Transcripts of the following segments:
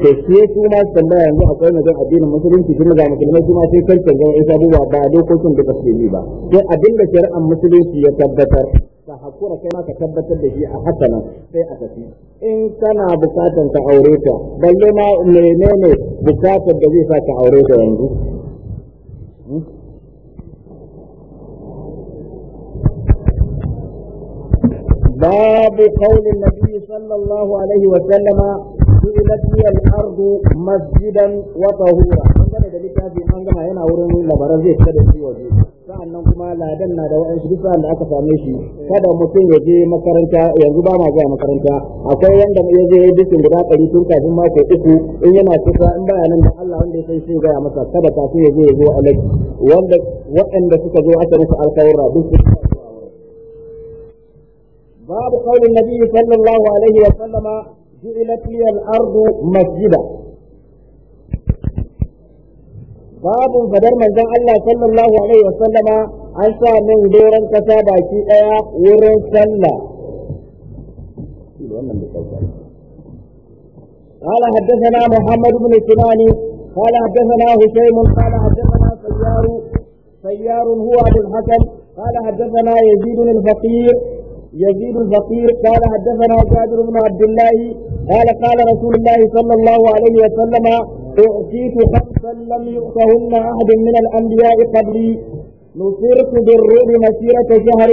da ke su ma tambaya yanzu akwai magan addinin musulunci tun ga musulmai su ma sai kan canza wa'insu abubuwa ba dokokin da ba su yi ba sai abin da shari'ar musulunci ya tabbatar ka hakura kai ma ka tabbatar da shi a haka nan sai a tafi in kana bukatan ka aure ta balle ma menene bukatar da zai sa ka aure ta yanzu باب قول النبي صلى الله عليه وسلم جعلت لي الأرض مسجدا وطهورا dangane da littafi an gama yana wurin labaran zai fita da shi waje sa'annan kuma ladan na da wa'ansu duk da aka same shi kada mutum ya je makaranta yanzu ba ma zuwa makaranta akwai yanda ya je bisin guda ɗari tun kafin mako uku in yana kusa in baya nan da Allah wanda ya sai sai gaya masa kada kafin ya je ya zo alaji wanda waɗanda suka zo aka musu alƙawarra duk su باب قول النبي sallallahu alaihi wa sallama. جعلت لي الأرض مسجدا باب فدر من ذا الله صلى الله عليه وسلم أنسى من دورا كسابا كيئا ورن سلا قال حدثنا محمد بن سنان قال حدثنا هشيم قال حدثنا سيار سيار هو أبو الحسن قال حدثنا يزيد الفقير يزيد الفقير قال حدثنا جابر بن عبد الله قال قال رسول الله صلى الله عليه وسلم أعطيت خمسا لم يؤتهن أحد من الأنبياء قبلي نصرت بالروم مسيرة شهر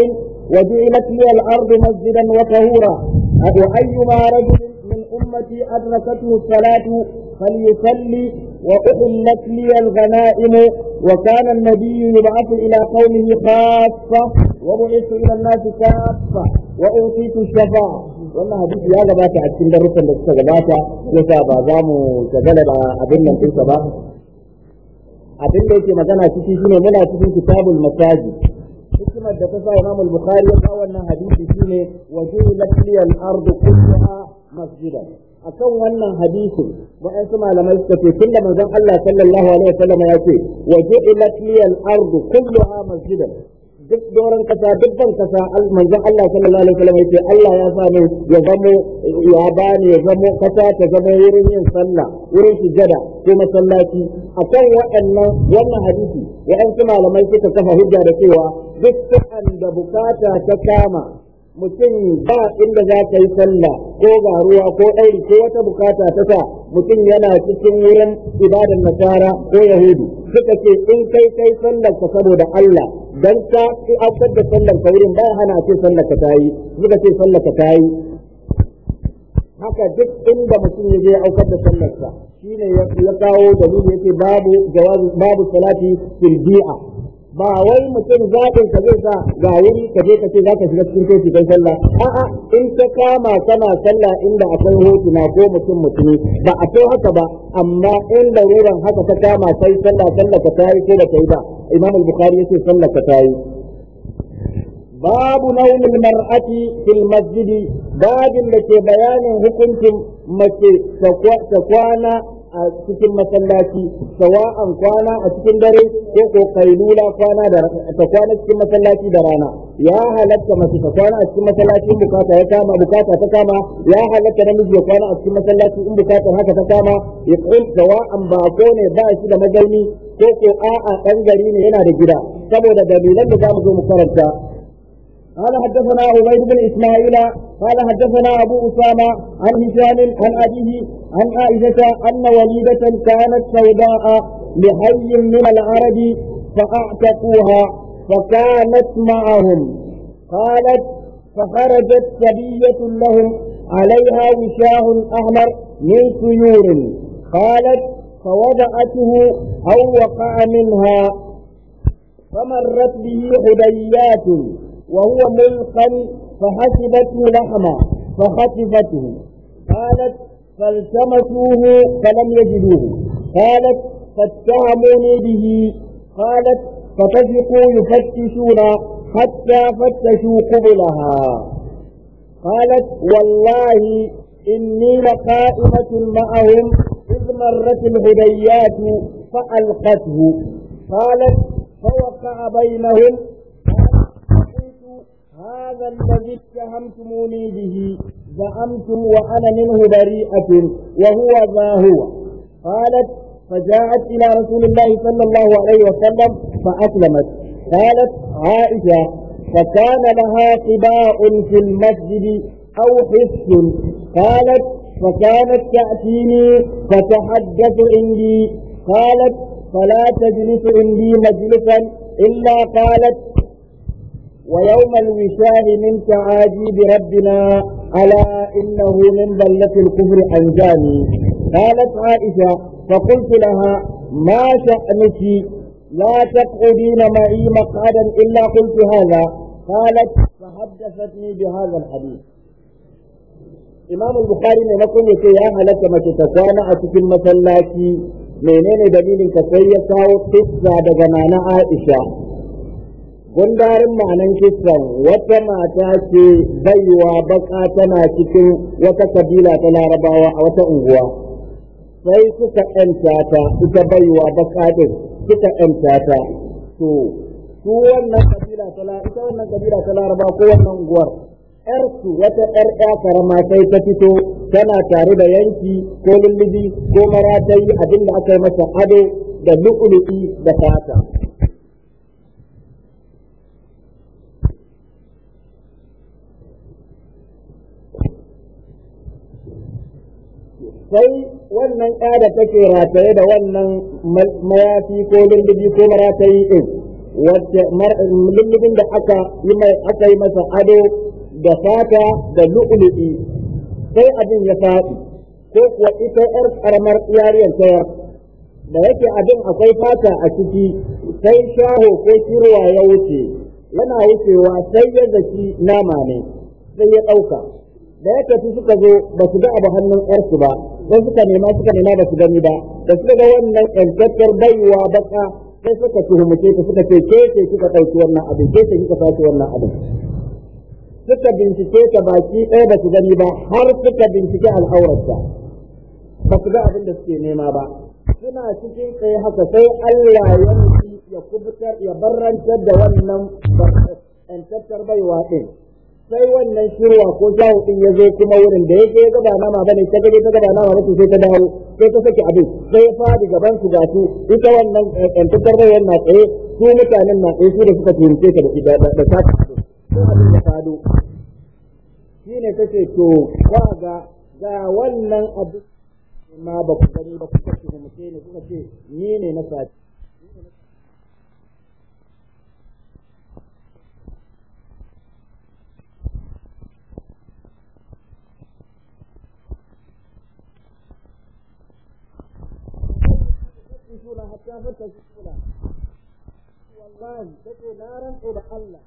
وجعلت لي الأرض مسجدا وطهورا ابو أيما رجل من أمتي أدركته الصلاة فليصلي وأحلت لي الغنائم وكان النبي يبعث إلى قومه خاصة وبعثت إلى الناس كافة وأوتيت الشفاعة wannan hadisi ya gabata a cikin darussan da suka gabata yasa ba za mu shagala da abin nan ba abin da yake magana ciki shine muna cikin kitabul masajid hikimar da ta sa Imam al-Bukhari ya wannan hadisi shine wajilat liyal wannan malamai suka ce tunda manzon Allah sallallahu alaihi wasallam ya ce wajilat liyal ardu kullaha masjidan duk doron kasa duk ban kasa manzon Allah sallallahu alaihi wasallam yace Allah ya sa ni ya ya bani ya zamo kasa ta zama wurin yin sallah wurin sujada ko masallaci akan waɗannan wannan hadisi ya an malamai suka kafa hujja da cewa duk sa'an da bukata ta kama mutum ba inda za ka yi sallah ko ga ruwa ko ɗairi ko wata bukata ta sa mutum yana cikin wurin ibadan nasara ko yahudu suka ce in kai kai sallar ka saboda Allah dan ka ki abdar da sallar ka wurin baya hana ce sallar ka tayi suka ce sallar ka tayi haka duk inda mutum ya je aukar da sallar sa shine ya kawo dalili yake babu jawabi babu salati fil bi'a ba wai mutum zaɓin ka zai sa ga wuri ka je ka ce za ka shiga cikin coci don sallah a'a in ka kama kana sallah inda akwai hotuna ko mutum mutumi ba a kai haka ba amma in laruran haka ka kama sai sallah sallah ka tayi ko da yi ba imam al-bukhari yace sallah ka tayi babu launin mar'ati fil masjidi babin da ke bayanin hukuncin mace ta kwana a cikin masallaci sawa'an kwana a cikin dare ko ko kailula kwana da ta kwana cikin masallaci da rana ya halatta mace ta kwana a cikin masallaci in bukata ya kama bukata ta kama ya halatta namiji ya kwana a cikin masallaci in bukata haka ta kama ya kun sawa'an ba ko ne ba shi da magani ko ko a'a dan gari ne yana da gida saboda dalilan da za mu zo mu karanta قال حدثنا عبيد بن اسماعيل قال حدثنا ابو اسامه عن هشام عن ابيه عن عائشه ان وليده كانت سوداء لحي من العرب فاعتقوها فكانت معهم قالت فخرجت سبية لهم عليها وشاه أحمر من سيور قالت فوضعته أو وقع منها فمرت به حديات وهو ملقا فحسبته لحما فخطفته قالت فالتمسوه فلم يجدوه قالت فاتهموني به قالت فتفقوا يفتشون حتى فتشوا قبلها قالت والله إني لقائمة معهم إذ مرت الهديات فألقته قالت فوقع بينهم هذا الذي اتهمتموني به زعمتم وأنا منه بريئة وهو ذا هو قالت فجاءت إلى رسول الله صلى الله عليه وسلم فأسلمت قالت عائشة فكان لها قباء في المسجد أو حس قالت فكانت تأتيني فتحدث عندي قالت فلا تجلس عندي مجلسا إلا قالت ويوم الوشاه من تعاجي بربنا ألا إنه من بلة الكفر أنجاني قالت عائشة فقلت لها ما شأنك لا تقعدين معي مقعدا إلا قلت هذا قالت فحدثتني بهذا الحديث إمام البخاري ne na kun yace ya halatta mace ta kwana a cikin masallaci menene dalilin ka sai ya kawo kissa daga nana Aisha gundarin ma'anan kisan wata mata ce baiwa baka tana cikin wata kabila ta larabawa a wata unguwa sai suka yanta ta suka baiwa baka din suka yanta ta to su wannan kabila ta ita wannan kabila ta larabawa ko wannan unguwar ƴarsu wata ƴar ƴa karama sai ta fito tana tare da yanki ko lullubi ko maratayi abinda da aka yi masa ado da lukuluki da fata sai wannan ƙada take rataye da wannan mayafi ko lullubi ko maratayi ɗin wacce lullubin da aka yi aka yi masa ado da fata da lu'lu'i sai abin ya faɗi ko kuwa ita ƴar ƙaramar yariyar tayar da yake abin akwai fata a ciki sai shaho ko kirwa ya wuce yana wucewa sai ya zaki nama ne sai ya ɗauka da ya tafi suka zo ba su ga abu hannun ƴarsu ba don suka nema suka nema ba su gani ba da suka ga wannan ƴantattar baiwa baka sai suka tuhumce ta suka ce ke ce kika ɗauki wannan abin ke ce kika ɗauki wannan abin suka bincike ta baki ɗaya ba su gani ba har suka bincike al'aurarsa ba su ga abin da suke nema ba suna cikin kai haka sai Allah ya ya kubutar ya barrantar da wannan ƴantattar baiwa ɗin sai wannan shirwa ko shawo din ya zo kuma wurin da yake ya gaba nama bane ta gade ta gaba nama bace sai ta dawo sai ta saki abin sai ya fadi gaban su ga su ita wannan kantar eh, eh, da yana tsaye su mutanen na tsaye su da suka turce ta da ida da ta ta fado shine kace to wa ga ga wannan abin ma ba ku gani ba ku kuka ce ne kuka ce ni ne na sati تشكيشولا حتى فرتا تشكيشولا والله تكو نارا إلى الله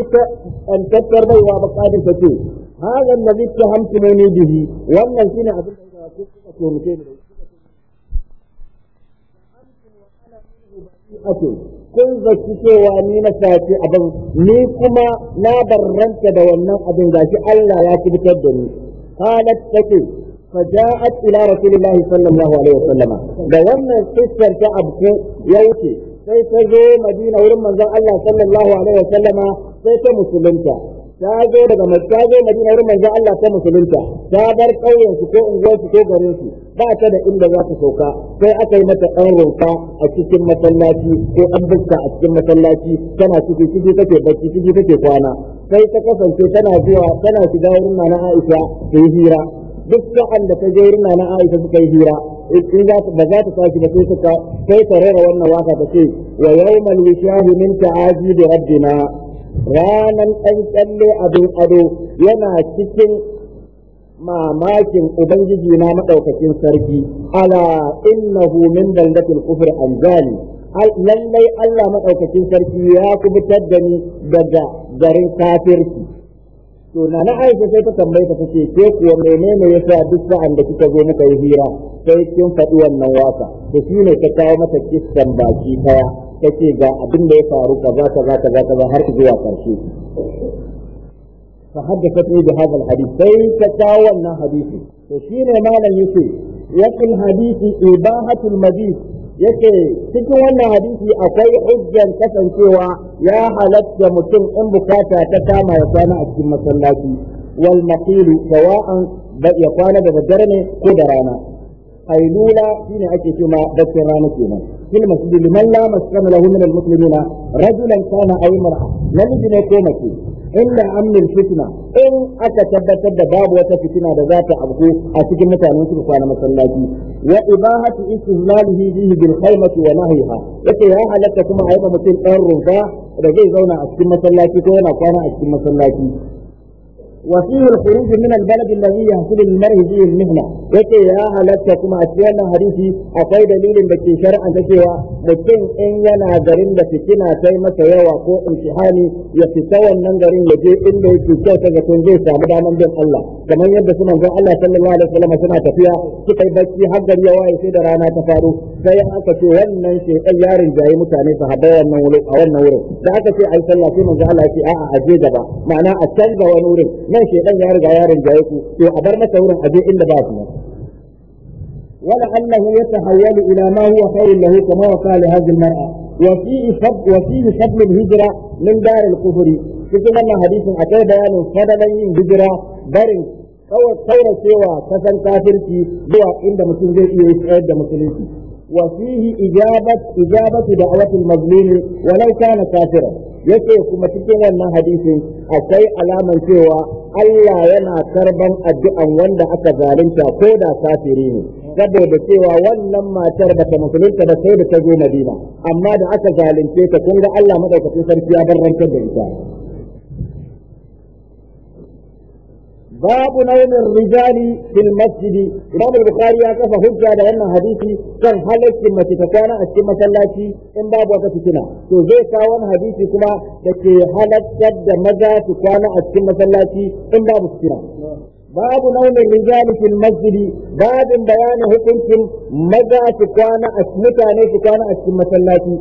إذا أن كثر بي وابقاد هذا النبي كهم سنوني جهي وأن الفين عبد الله كثير كثير كثير ake kun zaci cewa ni na a abin ni kuma na barranta da wannan abin gashi Allah ya fitar da ni qalat take فجاءت إلى رسول الله صلى الله عليه وسلم da wannan sister ta abu ya sai ta zo madina wurin manzon Allah sallallahu alaihi wasallam sai ta musulunta ta zo daga mai ta zo madina wurin manzon Allah ta musulunta ta bar ƙauyen su ko unguwar ko garin su ba ta da inda za ta sauka sai aka yi mata ɗan rumfa a cikin masallaci ko an buska a cikin masallaci tana ciki ciki take bacci ciki take kwana sai ta kasance tana zuwa tana shiga wurin nana Aisha ta yi hira duk sa'an da ta je wurin nana Aisha suka yi hira in za ba za ta tashi ba sai ta sai ta rera wannan waka ta ce wa yawmal wishahu min ta'aji da rabbina ranan ɗan abin ado yana cikin mamakin ubangiji na maɗaukakin sarki ala innahu min kufur kufr anzali lallai Allah maɗaukakin sarki ya kubutar da ni daga garin kafirci to na na aisha sai ta tambaye ta ce ke kuwa menene yasa duk sa'an da kika zo muka yi hira sai kin faɗi wannan waka shi ne ta kawo mata kissan baki daya ce ga abin da ya faru kaza kaza kaza kaza har zuwa karshe فحدثتني بهذا malam كيف تاولنا حديثي وشين ما لم يكن يقل حديثي إباحة المبيت yake cikin wannan hadisi akwai hujjar kasancewa ya halatta mutum in bukata ta kama ya kwana a cikin masallaci wal maqilu sawa'an ya kwana da daddare ne ko da rana ailula shine ake cewa baccin rana kenan في المسجد لمن لا مسكن له من المسلمين رجلا كان أي امرأة لم يكن يكون إلا أمن الفتنة إن أتثبت باب وتفتنة ذات أبقو أتكلم متعنون سبق أنا مسلاتي وإباحة استهلاله فيه بالخيمة ونهيها يقول يا هلك كما أيضا مثل أن رفاه da zai zauna a cikin masallaci ko yana kwana a cikin masallaci وفيه الخروج من البلد الذي يحصل للمرء فيه المهنة yake ya halatta kuma a cikin wannan hadisi akwai dalilin da ke shari'a shar'anta cewa mutum in yana garin da fitina sai masa yawa ko in imtihani ya fita wannan garin ya je inda yake kyauta ga tun zai samu daman bin Allah kamar yadda su manzon Allah sallallahu alaihi wasallam suna tafiya suka yi bacci har gari ya waye da rana ta faru sai aka ce wannan ce dan yarin jayi mutane sahabbai wannan wurin a wannan wurin da aka ce ai sallah sai manzon Allah ya a a'a gaba ma'ana a canza wani wurin nan shedan ya riga ya rinjaye ku to a bar masa wurin aje inda ba su ولعله يتحول الى ما هو خير له كما وقع لهذه المراه وفيه فضل وفيه فضل الهجره من دار الكفر cikin wannan hadisin akwai bayanin fadalan yin hijira barin kawai cewa kasan kafirci zuwa inda mutum zai iya yi tsayar da musulunci وفيه إجابة إجابة دعوة المظلوم ولو كان كافرا ce kuma cikin wannan hadisin akwai alaman cewa Allah yana karban addu'an wanda aka zalunta ko da safiri ne saboda cewa wannan matar ba ta musulunta ba sai da ta zo Madina amma da aka zalunce ta kun ga Allah madaukakin sarki ya rantar da ita باب نوم الرجال في المسجد امام البخاري يا كفى حجه ده wannan hadisi kan halaccin mace ta a cikin masallaci in babu wata fitina to zai kawo wani hadisi kuma da ke halaccar da maza su kwana masallaci in babu fitina babu naumin rijali fil masjidi babin bayanin hukuncin maza mutane su kwana a cikin masallaci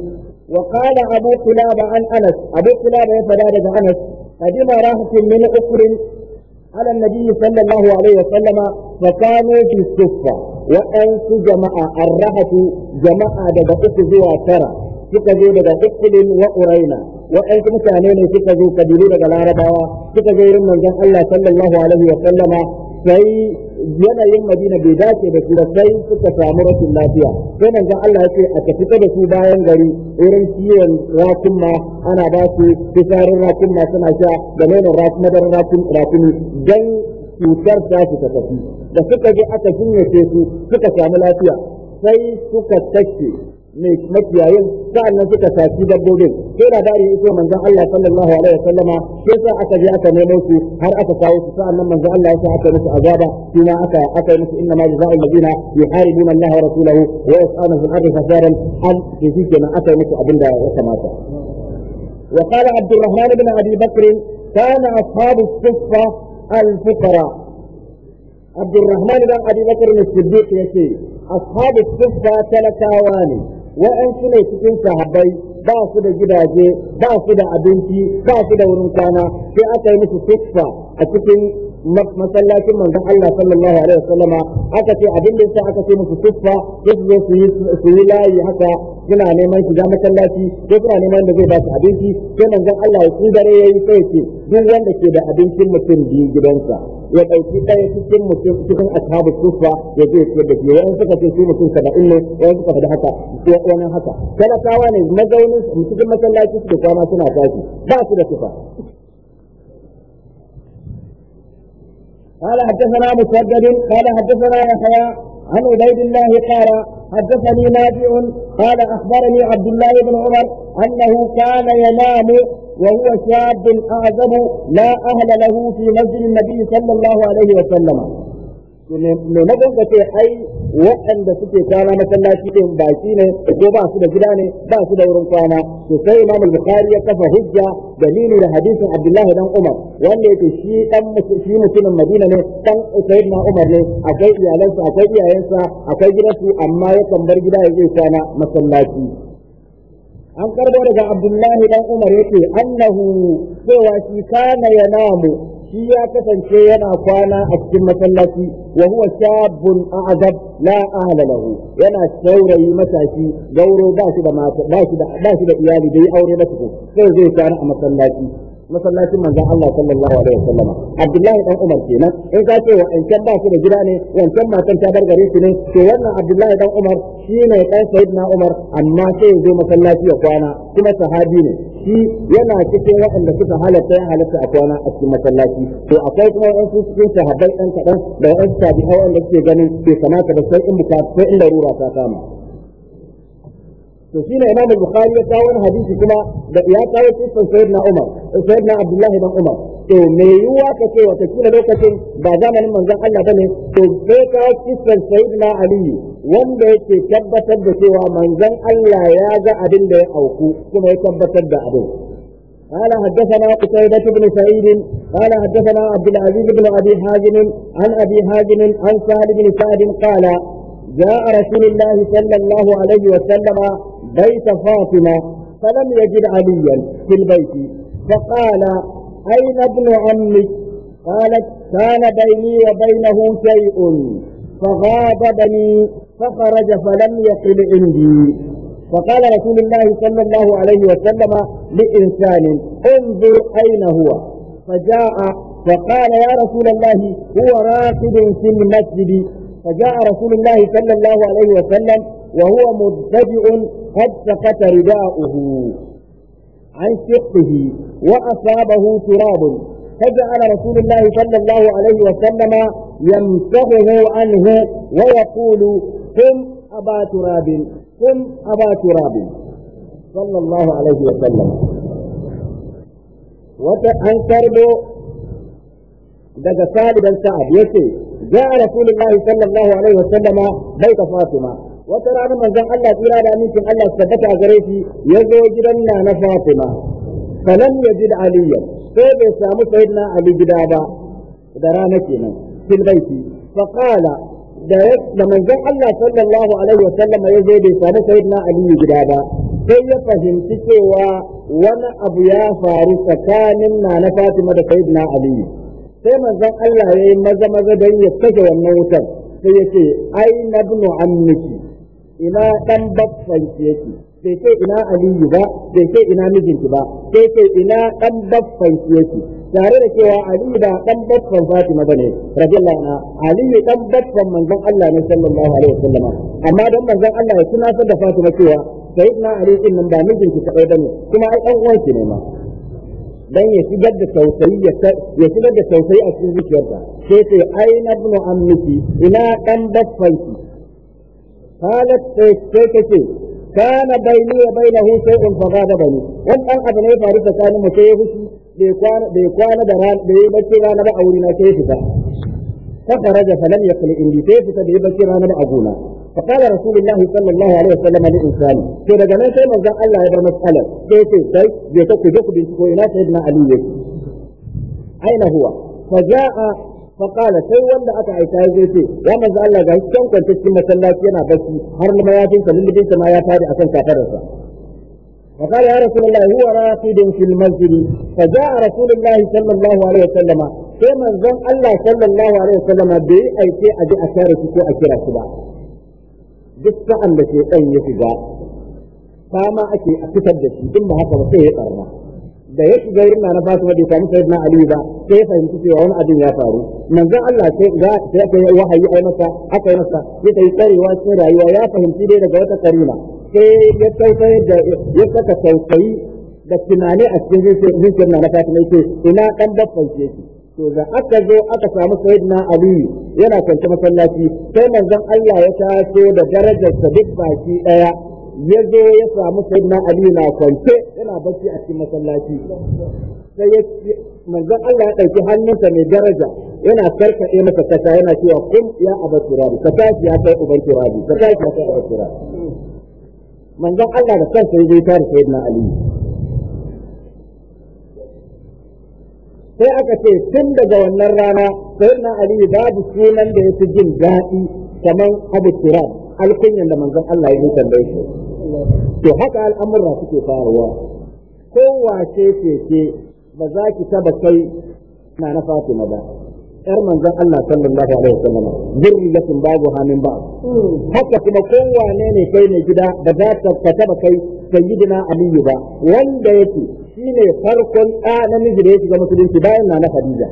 وقال أبو قلابة عن أنس أبو قلابة يفدى عن أنس قدم راحة من أخر على النبي صلى الله عليه وسلم فكانوا في الصفة وأنس جماعة الرهة جماعة دقا أخذوا ترى سكزوا دقا أخذ وأرينا وأنس متعنين سكزوا كبيرين دقا العربة سكزوا من الله صلى الله عليه وسلم sai yanayin madina bai dace da su sai suka samu rashin lafiya sai nan Allah ya ce a tafi da su bayan gari irin ciwon rakin ma ana ba su fisarin rakin ma suna sha da nonon rakin madar rakin rakin dan cutar ta su ta tafi da suka je aka jinyace su suka samu lafiya sai suka tashi makiyayin sa'annan suka saci dabbobin sai da dari ya manzon Allah sallallahu alaihi wasallama sai sa aka je aka nemo su har aka kawo su sa'annan manzon Allah ya sa aka musu azaba kuma aka aka musu inna ma jazaa'u alladhina yuharibuna Allah wa rasulahu wa yas'aluna fil ardi fasadan an yake kenan aka musu abinda ya kamata wa qala Abdurrahman ibn Abi Bakr kana ashabu as-suffa al-fuqara Abdurrahman ibn Abi Bakr as-Siddiq yace ashabu as-suffa talakawani wa'ansu ne cikin sahabbai ba su da gidaje ba su da abinci ba su da wurin kwana sai aka yi musu siffa a cikin masallacin manzon Allah sallallahu alaihi wasallama aka ce abin da yasa aka ce musu suffa sai su zo su yi layi haka suna neman shiga masallaci sai suna neman da zai ba su abinci sai manzon Allah ya dare yayi sai ce duk wanda ke da abincin mutum biyu gidansa ya ɗauki ɗaya cikin mutum cikin ashabu suffa ya zai ce da biyu wani suka ce su mutum saba'in ne wani suka faɗi haka wani haka talakawa ne mazaunin cikin masallaci suke kwana suna tashi ba su da tufa قال حدثنا مسدد قال حدثنا يحيى عن عبيد الله قال حدثني ناجي قال اخبرني عبد الله بن عمر انه كان ينام وهو شاب اعزب لا اهل له في مسجد النبي صلى الله عليه وسلم me na ganka ai waɗanda suke kwana masallaci din baki ne ko ba su da gida ne ba su da wurin kwana to sai Imam Bukhari ya kafa hujja dalili da hadisin Abdullah dan Umar wanda yake shi dan shi mutumin Madina ne dan Sayyidina Umar ne akwai iyalansa akwai iyayensa akwai gidansu amma yakan bar gida ya je kwana masallaci an karbo daga Abdullahi dan Umar yake annahu cewa shi kana namu. shi ya kasance yana kwana a cikin masallaci wa huwa shabun a'zab la ahla lahu yana saurayi matashi gauro ba shi da mata ba shi da ba shi da iyali bai aure ba tuko sai zai kwana a masallaci masallacin manzon Allah sallallahu alaihi wasallam Abdullahi dan Umar kenan in ka ce wancan ba shi da gida ne wancan matan ta bar gare shi ne to wannan Abdullahi dan Umar shine dan Sayyidina Umar amma sai ya zo masallaci ya kwana kuma sahabi ne shi yana cikin waɗanda suka halatta ya halatta a kwana a cikin masallaci to akwai kuma wasu cikin sahabbai ɗan kaɗan da wasu tabi'ai wanda suke ganin bai kamata da sai in bukata sai in larura ta kama to shi ne imam bukhari ya kawo hadisi kuma da ya kawo kisan sayyidina umar sayyidina abdullahi dan umar to me yiwuwa ka ce wata kila lokacin ba zamanin manzon Allah bane to sai ka kisan sayyidina Ali wanda yake tabbatar da cewa manzon Allah ya ga abin da ya auku kuma ya tabbatar da abin قال حدثنا قتيبة بن سعيد قال حدثنا عبد العزيز بن ابي حازم عن ابي حازم عن سهل بن سعد قال جاء رسول الله صلى الله عليه وسلم بيت فاطمه فلم يجد عليا في البيت فقال أين ابن عمك قالت كان بيني وبينه شيء فغاضبني فخرج فلم يقل عندي فقال رسول الله صلى الله عليه وسلم لإنسان انظر أين هو فجاء فقال يا رسول الله هو راكب في المسجد فجاء رسول الله صلى الله عليه وسلم وهو مضطجع قد سقط رداؤه عن شقه وأصابه تراب فجعل رسول الله صلى الله عليه وسلم يمسحه عنه ويقول قم أبا تراب قم أبا تراب صلى الله عليه وسلم وأنكر daga saliban sa'ad yace ja'a rasulullahi sallallahu alaihi wasallam baita fatima wata rana manzon Allah tsira da amincin Allah su tabbata a gare shi ya zo gidan na na Fatima ya ji da aliya sai bai samu sayyidina ali gida ba da rana kenan fil baiti fa qala da da manzon Allah sallallahu alaihi wasallam ya zo bai samu sayyidina ali gida ba sai ya fahimci cewa wani abu ya faru tsakanin na na Fatima da sayyidina ali sai manzon Allah ya yi maza maza don ya kashe wannan wutar sai ya ce ai na ibnu ammiki ina dan baffan ki yake bai ce ina aliyu ba bai ce ina mijinki ba sai ce ina dan baffan ki yake tare da cewa aliyu da dan baffan fatima bane radiyallahu anha aliyu dan baffan manzon Allah ne sallallahu alaihi wasallam amma dan manzon Allah ya tunatar da fatima cewa sayyidina ali din nan ba mijinki kadai bane kuma ai dan ki ne ma dan ya shigar da tausayi ya shigar da tausayi a cikin zuciyarta sai sai ai na ibnu ammiki ina dan ki قالت سيكتي كان بيني وبينه شيء فغاضبني wannan abu ne faru tsakanin sai ya fushi bai kwana da ran bai bacci rana ba a wurina sai ya fita fa faraja falam yaqul indi sai ya fita bai bacci rana a gona fa qala sallallahu alaihi wasallam li insan to daga nan sai manzon Allah ya bar mas'alar sai sai sai ya ku binciko ina huwa فجاء fa sai wanda aka aika ya zai ce ya manzo Allah ga can kwance masallaci yana barci har ma ya tinka lullubin sa ma ya fadi akan kafararsa fa qala ya rasulullah huwa raqidun fil masjid fa jaa rasulullah sallallahu alaihi wasallam sai manzon Allah sallallahu alaihi wasallam bai aike a ji a kare shi ko a kira shi ba duk sa'an da ke ya shiga fama ake a fitar da shi duk haka ba sai ya barna da ya shiga irin na fasu bai sami sai na ali ba sai ya fahimci cewa wani abin ya faru manzon Allah sai ga sai aka yi wahayi ai masa aka yi masa sai ta yi tsarewa cikin rayuwa ya fahimci dai daga wata karima sai ya tsaye da ya saka tausayi da tunani a cikin zuciyar na fatima yake ina kan baffan ce to da aka zo aka samu sayyidina ali yana kwance masallaci sai manzon Allah ya taso da darajarsa duk baki daya ya zo ya samu sayyidina ali na kwance yana bacci a cikin masallaci sai ya manzon Allah ya ɗauki hannunsa mai daraja yana karkaɗe masa kasa yana cewa kun ya aba turabi ka tashi ya kai uban turabi ka tashi ya kai uban turabi manzon Allah da kansa ya zai tare sayyidina Ali sai aka ce tun daga wannan rana sayyidina Ali babu sunan da ya fi jin daɗi kamar abu turabi alkunyan da manzon Allah ya yi tambaye shi to haka al'amurra suke faruwa ko wace ce ce ba za ki taba kai na na Fatima ba yar manzon Allah sallallahu alaihi wasallam sun babu hamin ba haka kuma ko wane ne kai ne gida ba za ka taba kai sayyidina Aliyu ba wanda yake ne farkon ɗa namiji da ya shiga musulunci bayan na na Khadija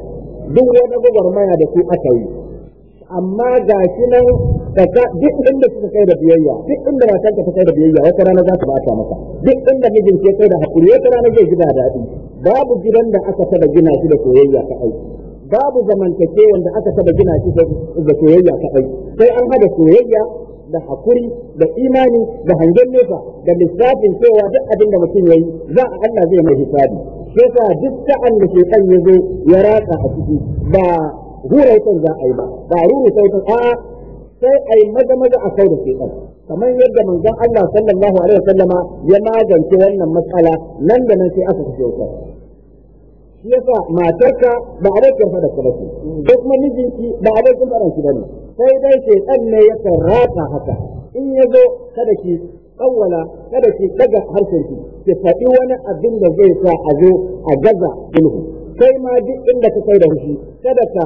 duk wani gwagwarmaya da su aka yi amma ga shi nan daga duk inda suka kai da biyayya duk inda matan ka ta kai da biyayya wata rana za ta bata maka duk inda mijin ke kai da hakuri wata rana zai ji da daɗi babu gidan da aka taba gina shi da soyayya ta aiki babu zamantake wanda aka taba gina shi da soyayya ta aiki sai an hada soyayya da hakuri da imani da hangen nesa da lissafin cewa duk abin da mutum yayi za a Allah zai mai hisabi yasa duk sa'an da shekan ya zo ya ratsa a ciki ba hura za a yi ba ba ruru ta a sai a yi maza maza a kai da ɗan kamar yadda manzon Allah sallallahu alaihi wasallama ya magance wannan matsala nan da nan sai aka kashe wutar shi yasa matarka ba a rikin fada ka bace ko kuma mijinki ba a rikin fada ki bane sai dai ɗan ne ya tarata haka in ya zo kada ki tsawwala kada ki daga harshen ki ki faɗi wani abin da zai sa a zo a gaza ilhu kai ma duk inda ka kai da rufi kada ka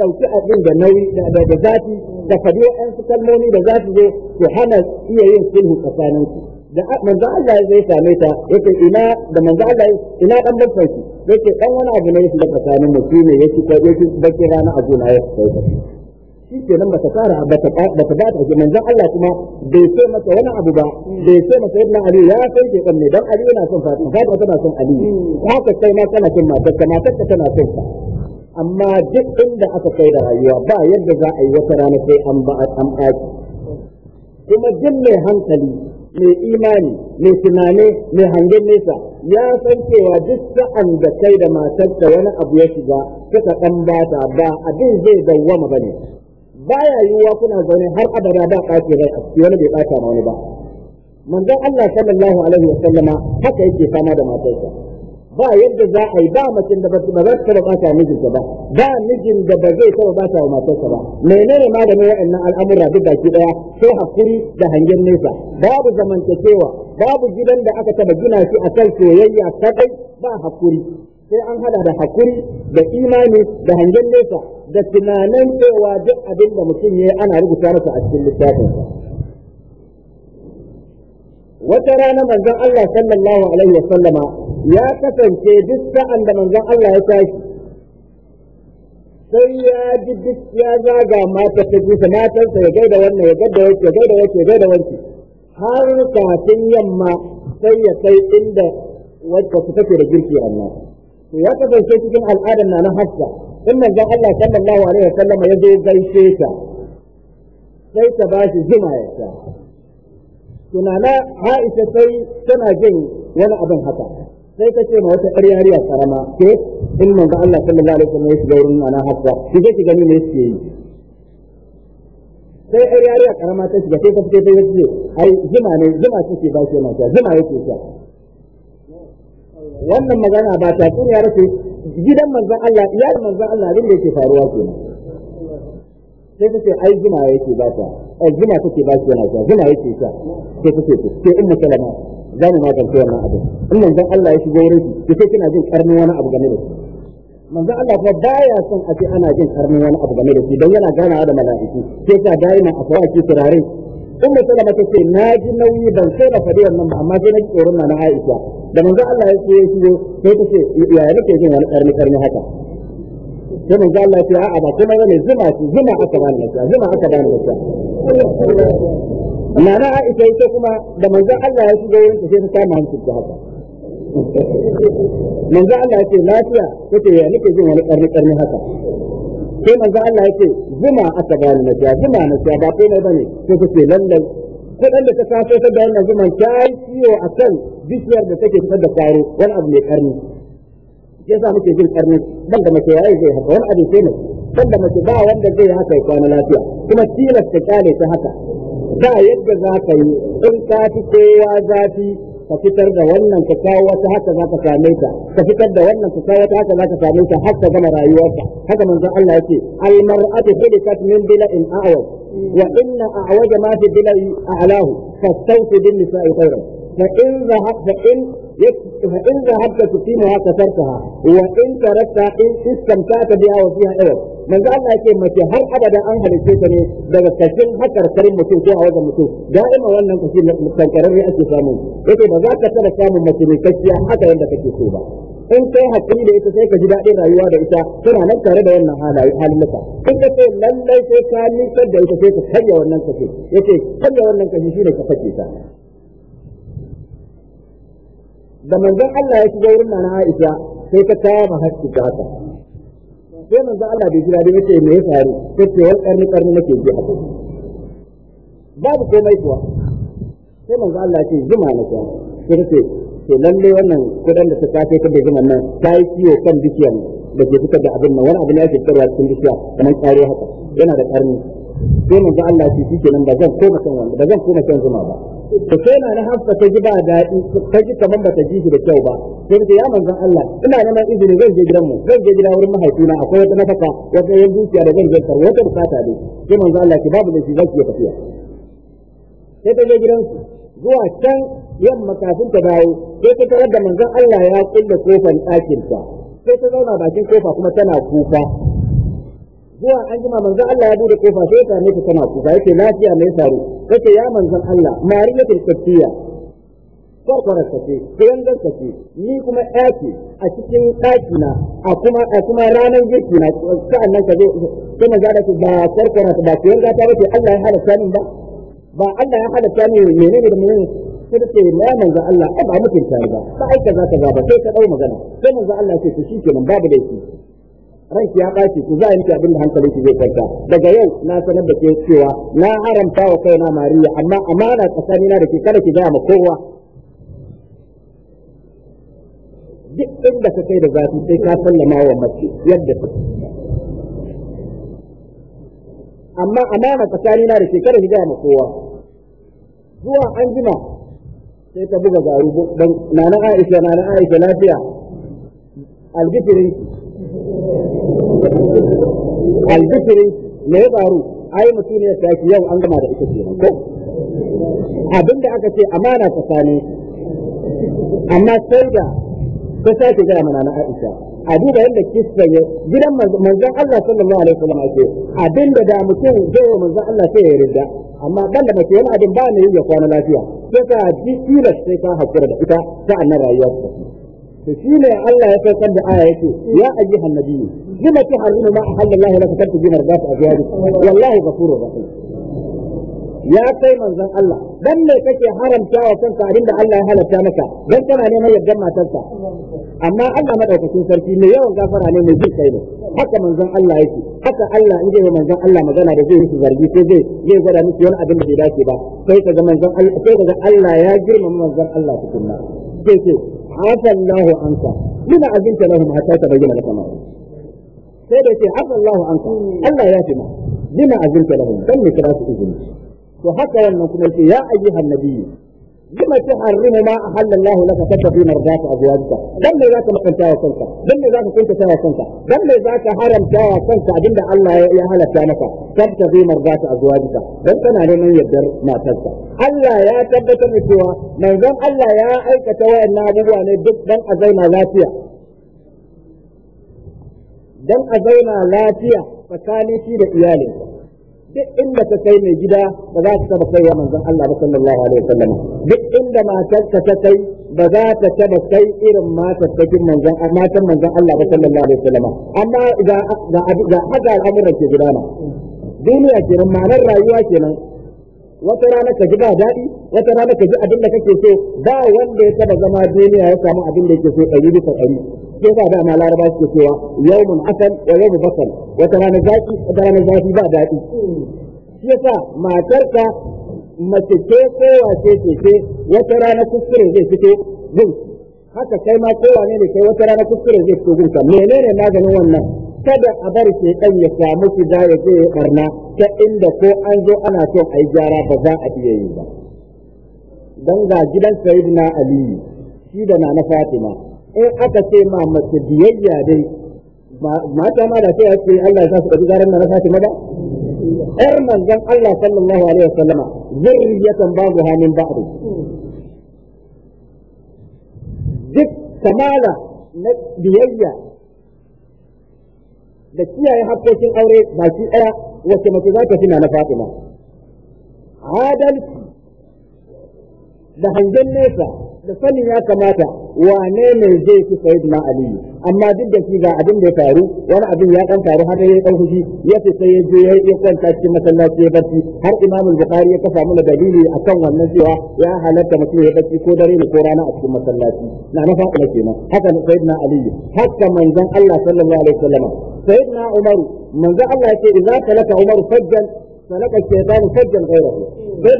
ɗauki abin da nauyi da zafi da faɗi waɗansu kalmomi da zafi su zo su hana iya yin sulhu tsakaninku da manzo Allah zai same ta yake ina da manzo Allah ina dan babban shi yace dan wani abu ne da tsakanin mu shine yake ko yake baki rana a gona ya sai ta shi ke nan bata fara bata bata da ta manzo Allah kuma bai ce masa wani abu ba bai ce masa ibn Ali ya san ke kan ne dan Ali yana son Fatima Fatima tana son Ali hmm. haka kai ma kana son matar ka matar tana son ka amma duk inda aka kai da rayuwa ba yadda za a yi wata rana sai an ba an ɓaci kuma duk mai hankali mai imani mai tunane mai hangen nesa ya san cewa duk sa'an da kai da matarsa wani abu ya shiga suka ɗan bata ba abin zai dawwama ba ne baya yiwuwa kuna zaune har abada ba ɓaci rai a wani bai ɓata ma wani ba manzon Allah sallallahu alaihi wa sallama haka yake fama da matarsa ba yadda za a yi ba macin da ba za ta bata mijinta ba ba mijin da ba zai taba bata wa matarsa ba menene maganin waɗannan al'amura duk baki daya sai hakuri da hangen nesa babu zamantakewa babu gidan da aka taba gina shi akan soyayya kadai ba hakuri sai an hada da hakuri da imani da hangen nesa da tunanin cewa duk abin da mutum ya ana rubuta masa a cikin littafin wata rana manzon Allah sallallahu alaihi wa sallama ya kasance duk sa'an da manzon Allah ya tashi sai ya ji duk ya zaga mata ta ji matansa ya gaida wannan ya gaida wacce ya gaida wacce ya gaida wancan. har kafin yamma sai ya kai inda wacce ku take da girki Allah to ya kasance cikin al'adar na na hafsa in manzon Allah sallallahu alaihi wa sallama ya zo gaishe ta sai ta bashi zuma ya sha tunana Aisha sai tana jin wani abin haka sai ta ce ma wata ƙarya riya karama ke in manzo Allah sallallahu alaihi wasallam ya shiga wurin ana haka ki je ki gani me yake yi sai ai yariya karama ta shiga sai ta fito ta yace ai zuma ne zuma ke ba shi ta zuma yake sha wannan magana ba ta kun ya rafe gidan manzo Allah iyalin manzo Allah abin da yake faruwa ke sai ta ce ai zuma yake ba ta Eh, zina take ba shi yana sha zina yake sha sai kace to sai ummu salama za mu magance wannan abin in manzon Allah ya shigo wurin ki sai kina jin karni wani abu game da shi manzon Allah kuma baya son a ce ana jin karni wani abu game da shi dan yana ganawa da mala'iku sai da dai ma akwai ki turare ummu salama ta ce na ji nauyi ban sai na faɗi wannan ba amma sai na ji tsoron na Aisha da manzon nake wani karni karni haka sai manzo Allah ya a ba kuma bane zuma su, zuma aka bani gaskiya zuma aka bani gaskiya amma na Aisha ita kuma da manzo Allah ya shiga wurin sai ta kama hancin ta haka manzo Allah ya ce lafiya kace ya nake jin wani karni karni haka sai manzo Allah ya ce zuma aka bani gaskiya zuma na ba komai bane sai kace lallai dan da ta safe ta da wannan zuman kai ciwo a kan bishiyar da take fitar da kwaro wani abu mai karni shi muke jin karni da mace yayi zai haka wani abin sai ne da mace ba wanda zai haka ya kwana lafiya kuma tilasta ta haka ba yadda za ka yi in ka fi kowa zafi ka fitar da wannan ka kawo wata haka za ka same ta ka fitar da wannan ka kawo wata haka za ka same ta har ka gama rayuwarka haka manzon Allah yake almar'atu khuliqat min wa inna ma fi a'lahu bin nisa'i khayran fa in فإن ذهبت تقيمها كسرتها وإن تركتها إن استمتعت بها وفيها عوض manzo Allah yake mace har abada an halice ta ne daga kashin hakar karin mutum ko a wajen mutum da'ima wannan kashin na ake samu yake ba za ka tara samun mace mai kashiya haka yadda kake so ba in kai hakuri da ita sai ka ji daɗin rayuwa da ita tana nan tare da wannan halaye halin mata in ka ce lallai sai ka da ita sai ka karya wannan kashe yace karya wannan ka fake ta da manzon Allah ya shiga wurin nana Aisha sai ta ma haske ta haka sai manzon Allah bai jira da yace me ya faru sai ce wal karni karni nake ji haka babu komai kuwa sai manzon Allah ya ce jima na ka sai ce sai lalle wannan kudan da ta kace ta bai zuma nan ta yi ciwo kan dukiyar da ke fitar da abin nan wani abin ya ke fitarwa cikin bishiya kamar tsare haka yana da karni sai mun manzo Allah ya ce kenan ba zan koma kan wanda ba zan koma kan zuma ba to sai na na hafsa ta ji ba dadi ta ji kaman ba ta ji da kyau ba sai ta ya manzon Allah ina neman izini zan je gidan mu zan je gidan wurin mahaifina akwai wata nafaka wata yan dukiya da zan je karwa wata bukata ne sai manzon Allah ki babu da shi zaki ya tafiya sai ta je gidan su zuwa can yamma kafin ta dawo sai ta tarar da manzon Allah ya kulle kofar ɗakin ta sai ta zauna bakin kofa kuma tana kuka zuwa an jima manzon Allah ya bude kofa sai ta ne ta tana ku ga yake lafiya mai faru kace ya manzon Allah Mari mariyatul qadsiya kwarkwara kace kiran da kace ni kuma ɗaki a cikin ɗaki na a kuma a kuma ranar girki na sa'an nan ka zo sai manzo Allah ce ba kwarkwara ba kiran da ta bace Allah ya halatta min ba ba Allah ya halatta min menene da menene sai ce ma manzo Allah ba mutunta ba ba aika za ka ga ba sai ka dau magana sai manzo Allah ya ce shi kenan babu laifi ranki ya ɓaci ku za a miki abin da hankalin ki zai kwanta daga yau na sanar da ke cewa na haramta wa kaina mariya amma amana tsakanina da ke kada ki gaya ma kowa duk inda ka kai da zafi sai ka sallama wa mace yadda ta amma amana tsakanina da ke kada ki gaya ma kowa zuwa an jima sai ta buga garu don nana Aisha nana Aisha lafiya algifirin albishirin me ya faru ai mutum ne ya yau an gama da ita kenan ko abinda aka ce amana tsakanin amma sai da ta sake gaya mana na Aisha a duba yadda kissa ya gidan manzon Allah sallallahu alaihi wasallam ake abinda da mutum zai wa manzon Allah sai ya rinda amma ban da mace wani abin ba ne ya kwana lafiya sai ka ji tilas sai ka hakura da ita ta sa'annan rayuwa ta to shi ne Allah ya kan da aya yake ya ayyuhan nabiyyu لما تحرم ما أحل الله لك تبتغي مرضات أزواجك والله غفور رحيم ya kai manzon Allah dan me kake haramta wa kanka abin da Allah ya halatta masa. dan kana neman yaddan matarka amma Allah madaukakin sarki ne yawan gafara ne mai jin kai ne haka manzon Allah yake haka Allah in zai manzon Allah magana da zai yi zargi sai zai gwada miki wani abin da bai dace ba sai kaga manzon Allah sai kaga Allah ya girmama manzon a tukunna sai sai afa Allahu anka lima azinta sai da ce hasa Allahu an ka Allah ya ce ma lima azinta lahum dan ne kira su izini to haka wannan kuma yake ya ayyuhan nabiyyi lima tuharrimu ma ahalla Allahu laka tatabi marzati azwajika dan ne zaka makanta wa kanka dan ne zaka kunta wa kanka dan ne zaka haramta wa kanka abinda Allah ya halatta maka tatabi marzati azwajika dan kana neman yaddar matarka Allah ya tabbatar da cewa manzon Allah ya aikata wa'annan abubuwa ne duk dan azaina lafiya dan a zauna lafiya tsakanin shi da iyalinsa duk inda ka kai mai gida ba za ka taba kai wa manzon Allah ba sallallahu alaihi wasallam duk inda matarka ta kai ba za ta taba kai irin matar takin manzon matan manzon Allah ba sallallahu alaihi wasallam amma ga ga ga haka al'amuran ke gudana duniya kenan ma'anar rayuwa kenan wata rana ka ji ba daɗi wata rana ka ji abin da kake so ba wanda ya taba zama duniya ya samu abin da yake so ɗari bisa ɗari ke sa dama laraba suke cewa yawmun asal wa yawmu basal wata rana zaki wata rana zafi ba daɗi sai sa matarka mace ce ko wace ce ce wata rana kuskure zai fito gun haka kai ma kowa ne kai wata rana kuskure zai fito ka menene maganin wannan kada a bar shekan ya samu za ya je ya barna ta inda ko an zo ana son a yi gyara ba za a iya yi ba don ga gidan sayyidina aliyu shi da na fatima in aka ce ma mace biyayya dai mata ma da sai ce Allah ya sa su ɗauki garan na fatima ba ƴar manzon Allah sallallahu alaihi wasallama zurriyatan babu hamin ba'du duk kamala na biyayya da kiyaye hakkokin aure baki ɗaya wacce mace za ta tuna na Fatima adalci da hangen nesa da sanin ya kamata wane ne zai fi na Aliyu? amma duk da shi ga abin da ya faru wani abin ya kan faru har ya kan fushi ya fi sai ya je ya yi kwanta cikin masallaci ya barci har imamin bukhari ya kafa mana dalili akan wannan cewa ya halatta mutum ya barci ko dare ne ko rana a cikin masallaci na na fa'ila kenan haka na Aliyu. haka manzon Allah sallallahu alaihi wasallam na umaru manzon Allah yake idza talaka umaru fajjan salaka shaytanu fajjan ghayrahu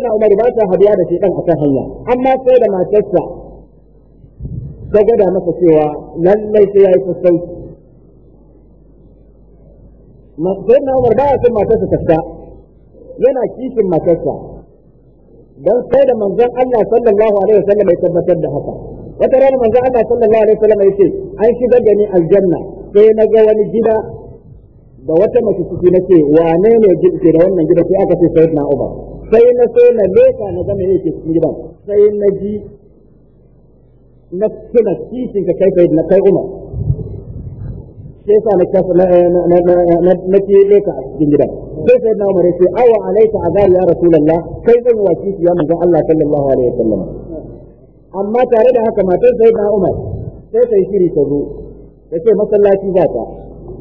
na umaru ba ta hadiya da shaytan akan hanya amma sai da matarsa ta gwada masa cewa lallai sai ya yi sassauci masu na umar baya son matarsa tafta yana kishin matarsa don sai da manzon Allah sallallahu alaihi wasallam ya tabbatar da haka wata rana manzon Allah sallallahu alaihi wasallam ya ce an shiga da ni aljanna sai na ga wani gida da wata mace ciki nake wane ne ke da wannan gida sai aka ce sayyidina umar sai na so na leka na ga me yake cikin gidan sai na ji na kina kishin ka kai na kai umar sai sa na kasa na na ke leka a cikin gidan sai sai na umar sai awa alaika azal ya Rasulallah, kai zan wa kishi ya manzon Allah sallallahu alaihi wasallam amma tare da haka matar sai na umar sai sai shiri ta zo yace masallaci za ta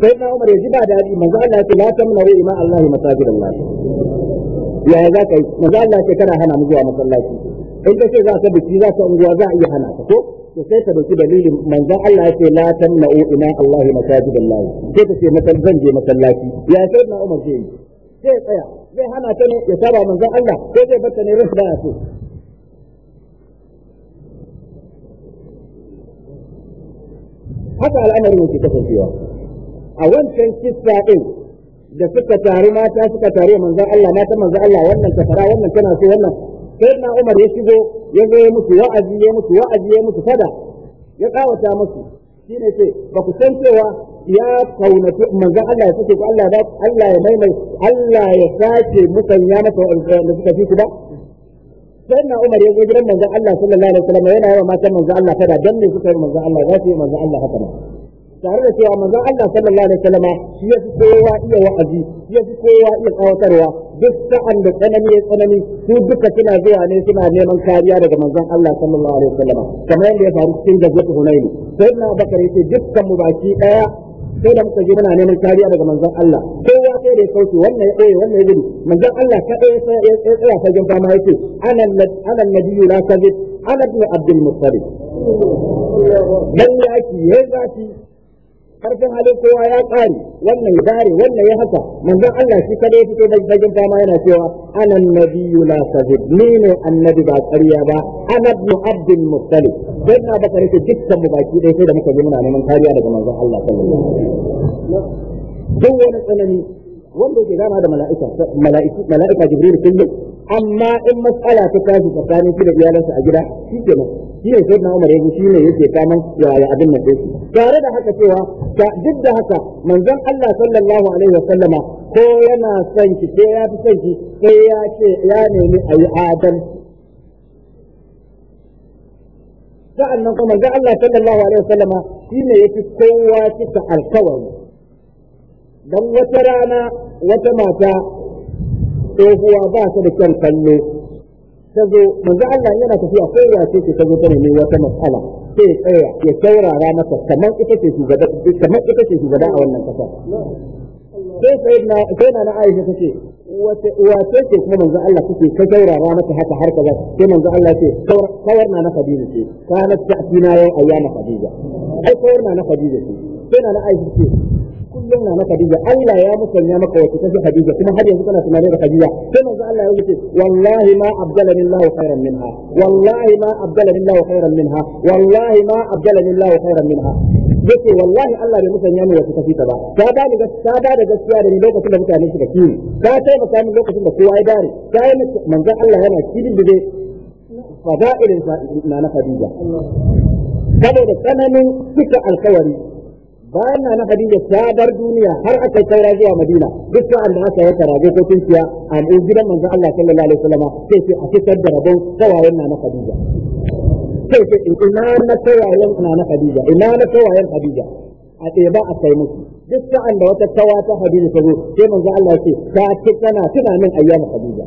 sai na umar ya ji ba daɗi manzo Allah ce la tamnaru ima Allah masajidallah yaya za ka yi manzo Allah ce kana hana mu zuwa masallaci in ka ce za ka biki za ka unguwa za a iya hana ka ko to sai ka dauki dalilin manzon Allah ya ce la tamna'u ina Allah masajid Allah sai ka ce zan je masallaci ya sai na Umar zai sai tsaya zai hana ta ne ya saba manzon Allah ko zai bata ne rasu baya so haka al'amarin yake kasancewa a wancan kissa din da suka tari mata suka tare manzon Allah mata manzon Allah wannan ta fara wannan tana so wannan sai na Umar ya shigo ya zo ya musu wa'azi ya musu wa'azi ya musu fada ya kawata musu shine ce ba ku san cewa ya kaunaci manzon Allah ya sake ku Allah ya Allah ya maimai Allah ya sake musanya da suka fi ku ba sai na Umar ya zo gidan manzon Allah sallallahu alaihi wasallam yana yawa matan manzon Allah Allah za su yi Allah tare da cewa manzon Allah sallallahu alaihi wasallam shi ya fi kowa iya wa'azi ya fi kowa iya tsawatarwa duk sa'an da tsanani ya tsanani su duka suna zuwa ne suna neman kariya daga manzon Allah sallallahu alaihi wasallam kamar yadda ya faru cikin gazwatu Hunayn sai na bakar yace dukkan mu baki daya sai da muka je muna neman kariya daga manzon Allah kowa sai da ya wannan ya tsaye wannan ya gudu manzon Allah ka tsaye ya tsaya fagen fama yace ana ana nabiyyu la kadhib ana ibn abdul muttalib dan yaki zaki karfin halin kowa ya tsari wannan ya dare wannan ya haka manzon Allah shi kadai fito da bajin fama yana cewa ana nabiyyu la kadhib ni ne annabi ba ƙarya ba ana ibn abdul muttalib dan na baka rike dukkan mu baki dai sai da muka ji muna neman kariya daga manzon Allah sallallahu alaihi wasallam duk wani tsanani wanda ke gana da mala'ika mala'ika mala'ika jibril kullum amma in mas'ala ta tashi tsakanin shi da iyalansa a gida shi kenan shi ne sai na umar yaji shi ne yake kaman yaya abin nan sai tare da haka cewa duk da haka manzon Allah sallallahu alaihi wa sallama ko yana son ki ko ya fi son ki sai ya ce ya nemi ayi adam nan kuma manzon Allah sallallahu alaihi wa sallama shi ne yake kowa cika alkawari dan wata rana wata mata tsohuwa ba ta da kyan kallo ta zo manzo Allah yana tafiya ko ya ce ta zo tare ne wata sai tsaya ya saurara mata kamar ita ce shugaba kamar ita ce a wannan kasa sai na sai na Aisha tace wace wace ce kuma manzo Allah kuke ka saurara mata haka har ka sai manzo Allah ce kawar na na Khadija ce kana ta'tina yau ayyana Khadija ai kawar na na Khadija ce sai na Aisha gaskiya na Khadija Allah ya musanya maka wata tafi Khadija kuma har yanzu kana tunanin da Khadija sai manzo Allah ya ce wallahi ma abdalani Allah khairan minha wallahi ma abdalani Allah khairan minha wallahi ma abdalani Allah khairan minha yace wallahi Allah bai musanya mu wata tafi ta ba ta ba ni ta ba da gaskiya da lokacin da mutane suka kiwo ta taimaka min lokacin da kowa ya dare ta yi manzo Allah yana cikin dide fadailin na na Khadija saboda tsananin suka alkawari bayan na Khadija ta sadar duniya har aka saura a Madina duk sa'an da aka yi tarabe ko tunciya a gidan manzo Allah sallallahu alaihi wasallam sai sai a fitar da rabon kawayen na Khadija sai sai ina na kawayen na na Khadija ina na kawayen Khadija a ɗeba a kai musu duk sa'an da wata tawa ta Khadija ta zo sai manzo Allah ya ce ta ci tana tunanin ayyamu Khadija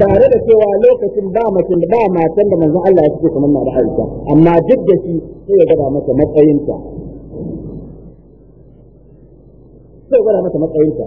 tare da cewa lokacin ba mutum ba matan da manzo Allah ya ce kamar na da Aisha amma duk da shi sai ya gaba masa matsayinta sai gwada masa matsayinka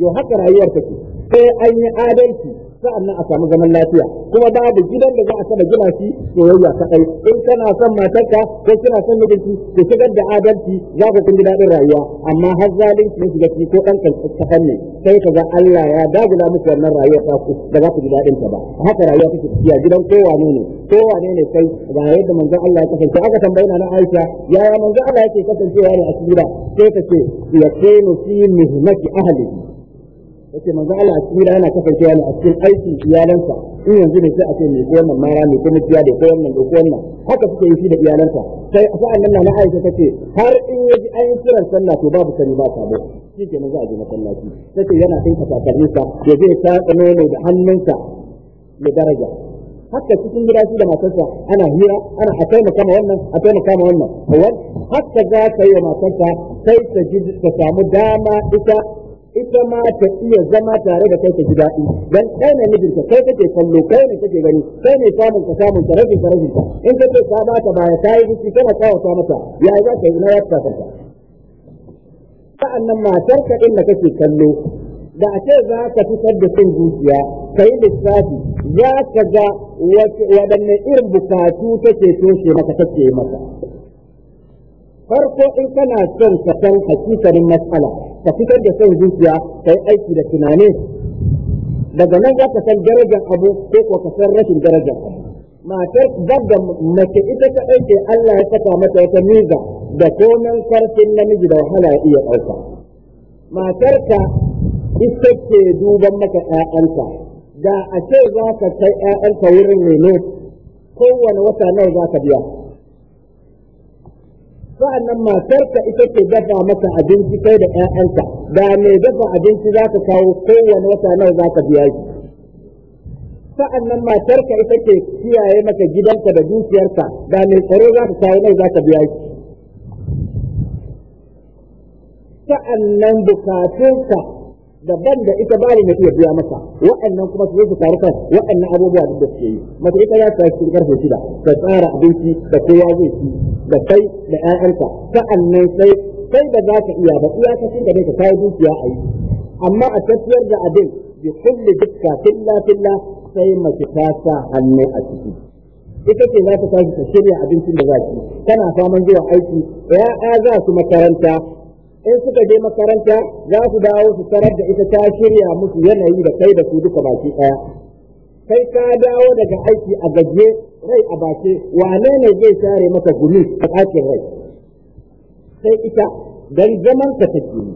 yau haka rayuwar take sai an yi adalci sa'annan a samu zaman lafiya kuma da gidan da za a saba gina shi soyayya kadai in kana son matarka ko kina son mijinki ki shigar da adalci za ku kun ji daɗin rayuwa amma har zalunci ne shiga ciki ko ɗan kankan ne sai ka ga Allah ya dagula muku wannan rayuwa ta ku da za ku ji daɗin ta ba haka rayuwa take tafiya gidan kowane ne kowane ne kai ga yadda manzon Allah ya kasance aka tambayi na Aisha yaya manzon Allah yake kasancewa ne a cikin gida sai ta ce yakunu fi mihmati ahlihi yake manzo Allah cikin gida yana kasancewa ne a cikin aiki iyalansa in yanzu ne sai a ce mai ko wannan mara mai kuma kiya da ko wannan da ko wannan haka suke yi shi da iyalansa sai a sa'an nan na Aisha tace har in yaji an yi kiran sallah to babu sani ba sabo shi ke manzo a je masallaci tace yana kai ka takarrinsa ya je ta tsano da hannunsa da daraja haka cikin gida shi da matarsa ana hira ana a taimaka kama wannan a taimaka kama wannan haka za ka yi wa matarsa sai ta samu dama ita ita ma ta iya zama tare da kai ta ji daɗi dan kai ne mijinta kai kake kallo kai ne kake gani kai ne samun ka samun ka rage ka rage in kace ka ba ta baya kai gishi kana kawo ta mata ya za ka yi na ya ta ta sa'annan matar ka na ka kake kallo da a ce za ka fitar da son zuciya ka yi lissafi za ka ga waɗanne irin bukatu take toshe maka ke maka farko in kana son ka san hakikanin matsala ka fitar da son zuciya ka yi aiki da tunani daga nan za ka san darajar abu ko ko ka san rashin darajar abu matar babban mace ita ta aike Allah ya saka mata wata miza da tonan karfin namiji da wahala ya iya ɗauka Matar ka ita ke duban maka ƴaƴanka da a ce za ka kai ƴaƴanka wurin ne kowane wata nawa za ka biya sa'annan matarka ita ce dafa maka abinci kai da 'ya'yanka, da mai dafa abinci za ka kawo kowane wata nawa za ka biya shi nan matarka ita ce kiyaye maka gidanka da dukiyarka da mai tsaro za ka kawo nawa za ka biya shi sa'annan bukatunka daban da ita bali na iya biya masa waɗannan kuma su su faru kan waɗannan abubuwa da suke yi mata ita ya tashi cikin karfe shida ka tsara abinci da kowa zai ci da kai da ƴaƴanka sa'annan sai sai da za ka iya ba iya ka cinka ka kai dukiya a yi amma a tafiyar da abin bi kulli dukka filla filla sai mace ta sa hannu a ciki ita ce za ta tashi ta shirya abincin da za ki tana faman zuwa aiki ya'ya za su makaranta in suka je makaranta za su dawo su tarar da ita ta shirya musu yanayi da kai da su duka baki ɗaya. Kai ka dawo daga aiki a gajiye rai a bace wane ne zai share maka gumi a ɗakin rai. Sai ita don zaman ka take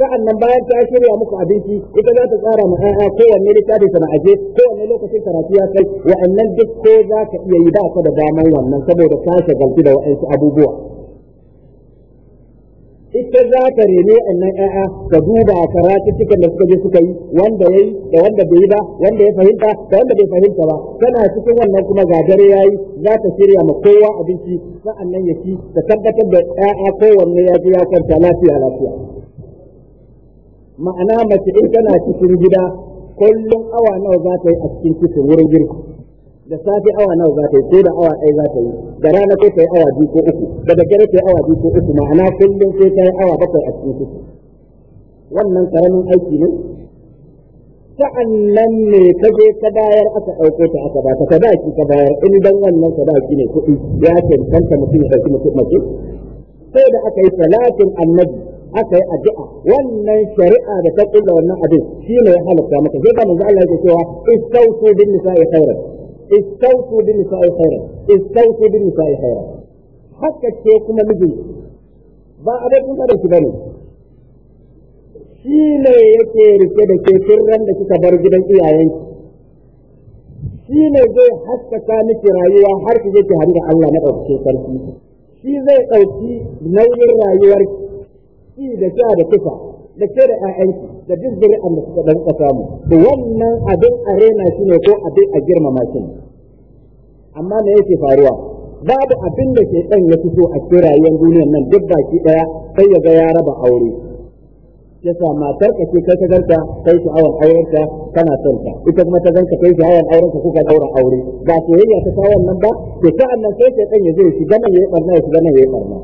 sa'an nan bayan ta shirya muku abinci ita za ta tsara ma ƴaƴa kowanne littafi sana aje kowanne lokacin karatu ya kai wa'annan duk ko za ka iya yi ba ka da damar wannan saboda ka shagaltu da wa'ansu abubuwa ita za reme rene annan ƴaƴa ka duba cikin da suka je suka yi wanda yayi da wanda bai yi ba wanda ya fahimta da wanda bai fahimta ba tana cikin wannan kuma ga dare yayi za ta shirya ma kowa abinci sa'annan ya ci ta tabbatar da ƴaƴa kowanne ya ji ya kwanta lafiya lafiya ma'ana mace in tana cikin gida kullum awa nawa za ta yi a cikin cikin wurin girki da safe awa nawa za ta yi ko da awa ɗaya za ta yi da rana sai ta yi awa biyu ko uku da daddare ta yi awa biyu ko uku ma'ana kullum sai ta yi awa bakwai a cikin kuku wannan karamin aiki ne sa'annan ne ka je ka bayar aka ɗauko ta aka ba ta sadaki ka bayar in dan wannan sadaki ne kuɗi ya cancanta mutum ya ɗauki mutum mace sai da aka yi salatin annabi aka yi addu'a wannan shari'a da ta kulla wannan abin shi ne ya halatta maka sai ga Allah ya ce cewa istausu bin nisa'i khairan istausu bi nisa'i khaira istausu bi nisa'i khaira haka ce kuma miji ba a da shi bane shi ne yake rike da ke ran da kika bar gidan iyayenki shi ne zai haskaka miki rayuwa har ki je ki haɗu da Allah madaukakin sarki shi zai ɗauki nauyin rayuwarki ki da sha da kusa? da ke da ƴaƴanki da duk zuri a suka dan ka samu da wannan abin a rena shi ne ko abin a girmama shi amma me yake faruwa babu abin da ke dan ya fito a cikin rayuwar duniyar nan duk baki daya sai ya ga ya raba aure yasa matar ka ce kai ka garta kai su sha'awar aurenta kana son ta ita kuma ta ganka kai su sha'awar aurenta kuka daura aure ba soyayya ta kawo nan ba ke ta nan sai ke dan ya zo shi ganin yayi barna ya shi ganin yayi barna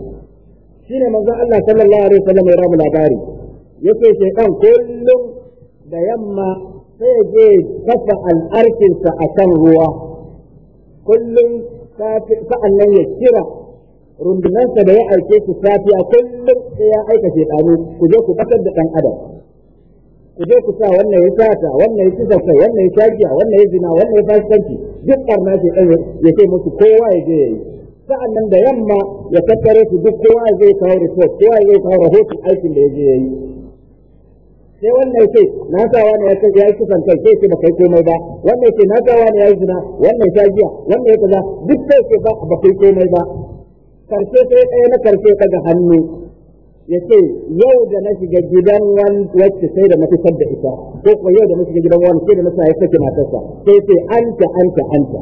shine manzon Allah sallallahu alaihi wasallam ya ramu labari yake shekan kullum da yamma sai ya je kafa al'arkinsa a kan ruwa kullum sa'an nan ya kira rundunansa da ya aike su safiya kullum sai ya aika shaitanu ku je ku kasar da ɗan adam ku je ku sa wannan ya sata wannan ya kisa kai wannan ya shagiya wannan ya zina wannan ya fasikanci duk na ce ɗan ya ce musu kowa ya je ya yi sa'an nan da yamma ya tattare su duk kowa ya zai kawo report kowa ya zai kawo rahoton aikin da ya je ya yi sai wannan ce na sa wani ya kai ya kusan kai sai ba kai komai ba wannan ce na sa wani ya yi zina wannan ta jiya wannan ya kaza duk sai ce ba ba kai komai ba karshe sai ɗaya na karshe daga hannu ya ce yau da na shiga gidan wani wacce sai da na fitar da ita ko kuma yau da na shiga gidan wani sai da na sa ya sake matarsa sai ce ta, an ta.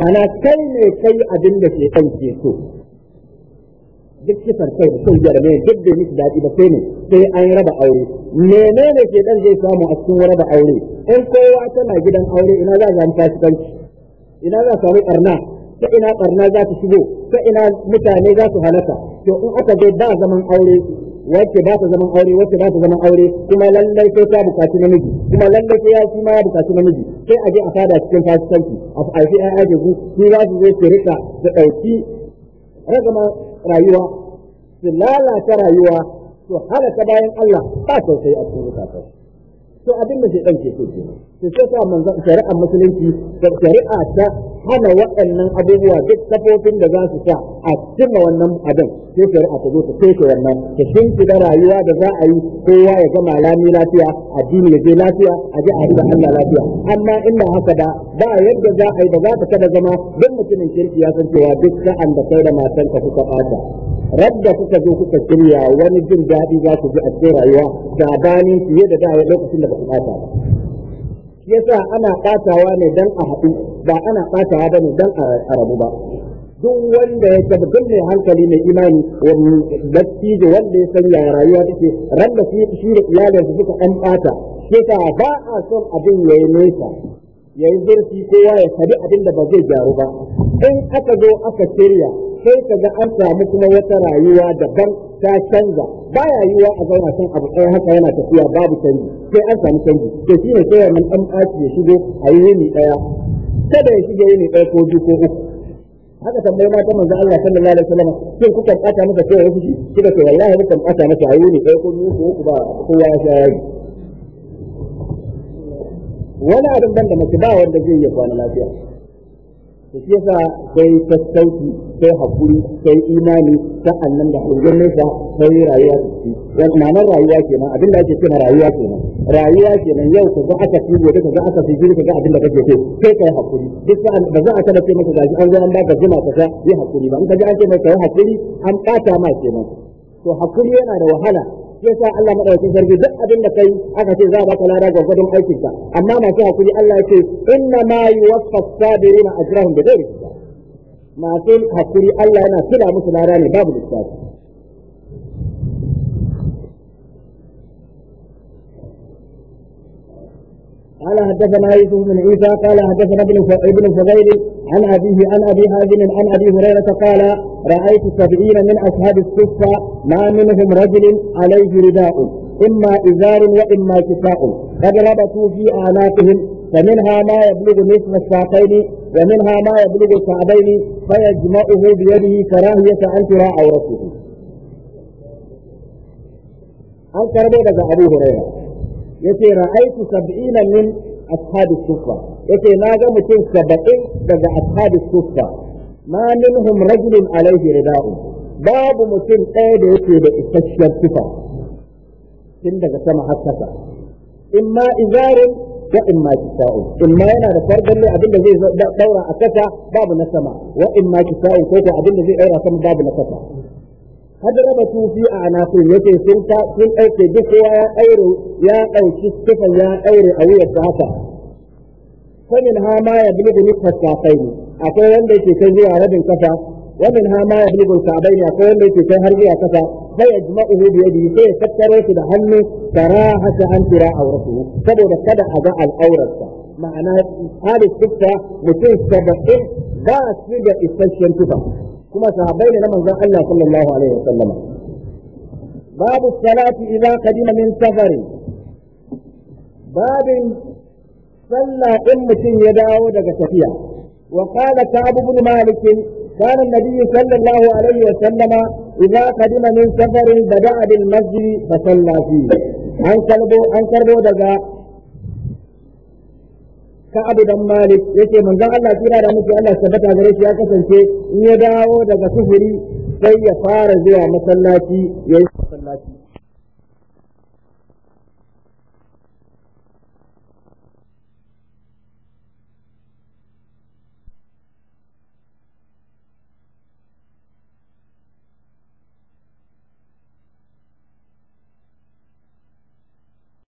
mana kai ne kai abin da ke kan ke so duk kisan kai da son jarabe duk da miki daɗi ba sai ne sai an raba aure menene ke dan zai samu a cikin raba aure in kowa tana gidan aure ina za a fasikanci ina za samu ƙarna ta ina ƙarna za ta shigo ta ina mutane za su halaka to in aka je ba zaman aure wacce ba ta zaman aure wacce ba ta zaman aure kuma lallai sai ta bukaci namiji kuma lallai sai ya shi ma ya bukaci namiji sai a je a fada cikin fasikanci a fi ai ai da su za su zo su rika da ɗauki ragama rayuwa su lalata rayuwa su halaka bayan Allah ba tausayi a cikin zukatan to abin da shaidan ke so kenan to sai sa manzo shari'a musulunci da shari'a ta hana waɗannan abubuwa duk kafofin da za su sa a cimma wannan abin sai shari'a ta zo ta keke wannan ta shinki da rayuwa da za a yi kowa ya gama lami lafiya addini ya je lafiya a ji a da Allah lafiya amma in haka da ba yadda za a yi ba za ka kada zama duk mutumin kirki ya san cewa duk sa'an da kai da ka kuka bata radda kuka zo kuka shirya wani jin daɗi za ku ji a cikin rayuwa bani fiye da da lokacin da ba ku bata ba yasa ana ɓatawa ne dan a haɗu ba ana ɓatawa bane dan a rabu ba duk wanda ya tabi duk hankali mai imani dattijo wanda ya sanya yaya rayuwa take ran da shi da iyalin su suka an ɓata yasa ba a son abin ya yi nesa yayi zurfi kowa ya sabi abin da ba zai gyaru ba in aka zo aka shirya sai ka ga an samu kuma wata rayuwa daban ta canza ba ya yiwa a zauna kan abu ɗaya haka yana tafiya babu canji sai an samu canji to shi ne sai wannan ɗan ɓaci ya shigo a yi yini ɗaya kada ya shige yini ɗaya ko biyu ko uku haka tambayi mata manzo Allah sallallahu alaihi wasallam shin kuka ɓata masa cewa ya fushi kika ce wallahi kuka ɓata masa a yi yini ɗaya ko biyu ko uku ba kowa ya sha yaji wani abin ban da mace ba wanda zai iya kwana lafiya to shi yasa sai sassauci sai hakuri sai imani sa'an nan da hangen nesa sai rayuwa ta ci wani ma'anar rayuwa kenan abin da ake cewa rayuwa kenan rayuwa kenan yau ka ga aka fi gobe ka ga aka fi gobe ka ga abin da kake ce sai kai hakuri duk sa'an ba za a tana ce maka gaji an zai an baka jima ka ga yi hakuri ba in ka ji an ce maka yi hakuri an ɓata ma kenan to hakuri yana da wahala yasa Allah madaukakin sarki duk abin da kai aka ce za a baka lada gwargwadon aikin ka amma masu hakuri Allah ya ce inna ma yuwaffa sabirina ajrahum bighairi masu hakuri Allah yana kira musu lada ne babu lissafi قال حدثنا يوسف بن عيسى قال حدثنا ابن ابن فضيل عن ابيه عن ابي حازم عن ابي هريره قال رايت سبعين من اصحاب الصفه ما منهم رجل عليه رداء اما ازار واما كساء قد ربطوا في اعناقهم فمنها ما يبلغ نصف الساقين ومنها ما يبلغ الكعبين فيجمعه بيده كراهيه ان ترى عورته. أنكر بيدك أبو هريرة yace ra'aitu sab'ina min ashabi sufa yace na ga mutum saba'in daga ashabi sufa ma minhum rajulun alaihi rida'u babu mutum ɗaya da yake da isasshen tufa tun daga sama har kasa imma izarin wa imma kisa'u imma yana da fardalle abin da zai daura a kasa babu na sama wa imma kisa'u ko abin da zai daura sama babu na kasa قد في أعناقهم يتي سنتا سن أيتي بس يا أيرو يا أيتي سفا يا أيرو أوية سهكا فمنها ما يبلغ نصف الساقين أكو يندي تكذي على عرب كفا ومنها ما يبلغ الكعبين أكو يندي تكهرجي كفا فيجمعه بيده في فتره في دهنه كراهة أن تراء عورته فبدا كدع أداء الأورة معناه هذه الكفة متين سبقين باس سبع استشهر كفا kuma sahabbai ne na manzon Allah sallallahu alaihi wasallam babu salati idza qadima min safari babin sallah in mutum ya dawo daga tafiya wa qala ka'ab ibn malik كان النبي صلى الله عليه وسلم إذا قدم من سفر بدأ بالمسجد فصلى فيه an karbo an karbo daga ka abu dan malik ya ce manzon Allah kira da muke Allah sabata gare shi ya kasance in ya dawo daga sufuri sai ya fara zuwa masallaci ya yi masallaci